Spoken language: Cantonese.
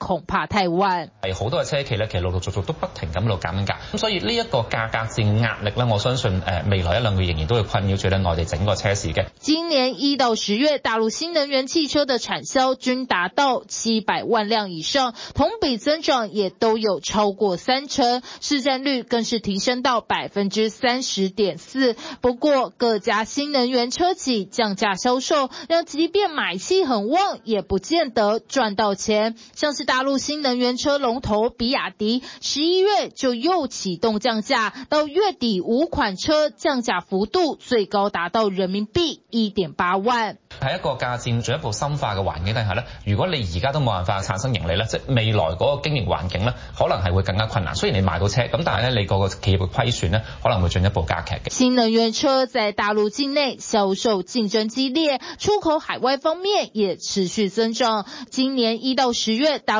恐怕太晚。係好多嘅車企呢，其實陸陸續續都不停咁度減緊價，咁所以呢一個價格戰壓力呢，我相信誒未來一兩個月仍然都會困擾住呢內地整個車市嘅。今年一到十月，大陸新能源汽車的產銷均達到七百萬輛以上，同比增長也都有超過三成，市佔率更是提升到百分之三十點四。不過各家新能源車企降價銷售，讓即便買氣很旺，也不見得賺到錢，像是，大陸新能源車龍頭比亞迪，十一月就又啟動降價，到月底五款車降價幅度最高達到人民幣一點八萬。喺一個價戰進一步深化嘅環境底下咧，如果你而家都冇辦法產生盈利咧，即未來嗰個經營環境咧，可能係會更加困難。雖然你買到車咁，但係你嗰個企業嘅虧損咧，可能會進一步加劇嘅。新能源車在大陸境內銷售競爭激烈，出口海外方面也持續增長。今年一到十月，大